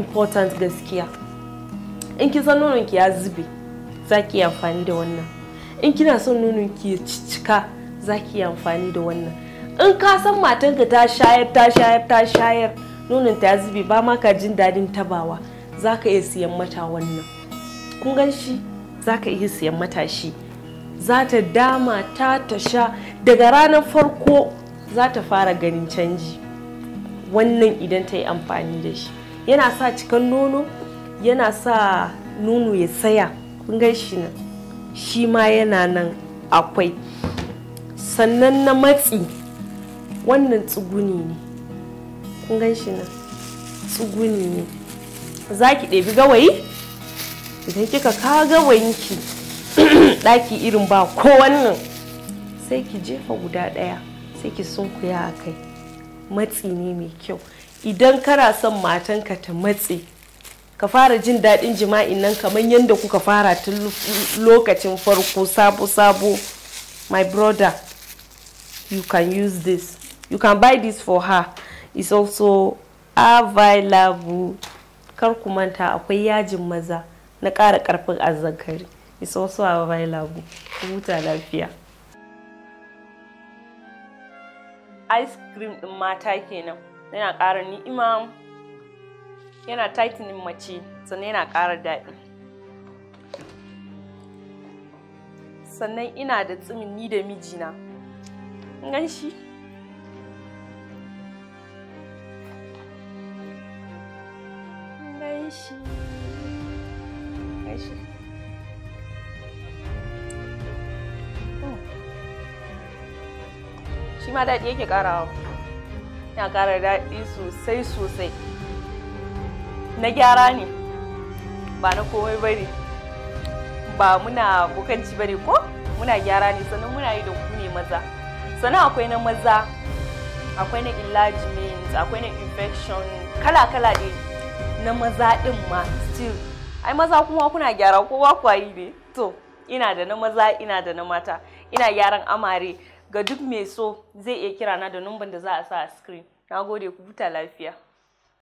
important gaskiya in ki san nonon ki ya zube za ki yi amfani da wannan in kina son nonon ki ya cicika za ki yi amfani da wannan in ka san matanka ta shayar ta shayar ta shayar nonon ta ya zube ba ma ka jin dadin tabawa za ka iya siyan mata wannan kun gan shi za ka iya siyan mata shi za ta dama ta ta sha daga ranar farko za ta fara ganin canji wannan idan ta yi amfani da shi yana sa cikan nono yana sa nono ya tsaya. kun shi nan shi ma yana nan akwai sannan na matsi wannan tsuguni ne kun shi nan tsuguni ne za ki ɗabi gawayi idan kika ka gawayinki ɗaki irin ba ko wannan sai ki jefa guda ɗaya sai ki sunkuya a kai matsi ne mai kyau idan kana son matanka ta matse ka fara jin daɗin jima'i nan kamar yadda kuka fara tun lokacin farko sabo-sabo my brother you can use this you can buy this for her is also available kar ku manta akwai yajin maza na ƙara ƙarfin azzakari is also available huta lafiya ice cream ɗin mata kenan yana ƙara ni'ima yana tightening mace sannan yana ƙara daɗi sannan ina da tsimin ni da mijina gan shi gan shi hmm. shi ma daɗi yake ƙarawa ya ƙara daɗi sosai sosai na gyara ne ba na komai ba ne ba muna bukanci ba ne ko muna gyara ne sannan muna yi da ku ne maza sannan akwai na maza akwai na enlargement akwai na infection kala-kala ne na maza ɗin ma still ai maza kuma kuna gyara kowa kwayi ne to ina da na maza ina da na mata ina gyaran amare ga duk mai so zai iya kirana da numban da za a sa a screen na gode ku huta lafiya